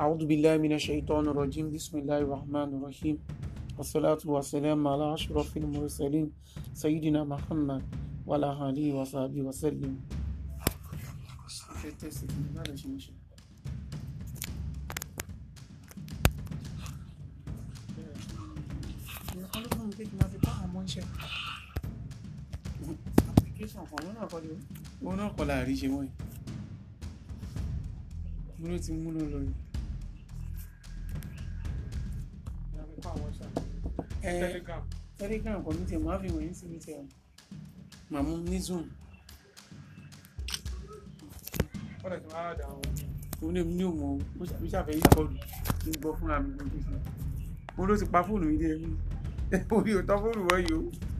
أعوذ بالله من الشيطان الرجيم بسم الله الرحمن الرحيم والصلاة والسلام على أشرف المرسلين سيدنا محمد وعلى آله وصحبه وسلم òun náà kọ́ láàrin ṣe wọ́n yìí mo ló ti múná lọ yìí. mi kọ́ àwọn ṣá. telegram. telegram kò ní tiẹ̀ máa fi wọ̀nyí sí mi tiẹ̀ o. màmú ní zoom. ó lè ti máa dà wọ́n. òun lèmi ní òun o mo ṣàfẹ́ yí kọlù kí n gbọ́ fúnra mi lójú mo ló ti pa fóònù mi dé mi. orí ò tán fóònù wọ̀nyí o.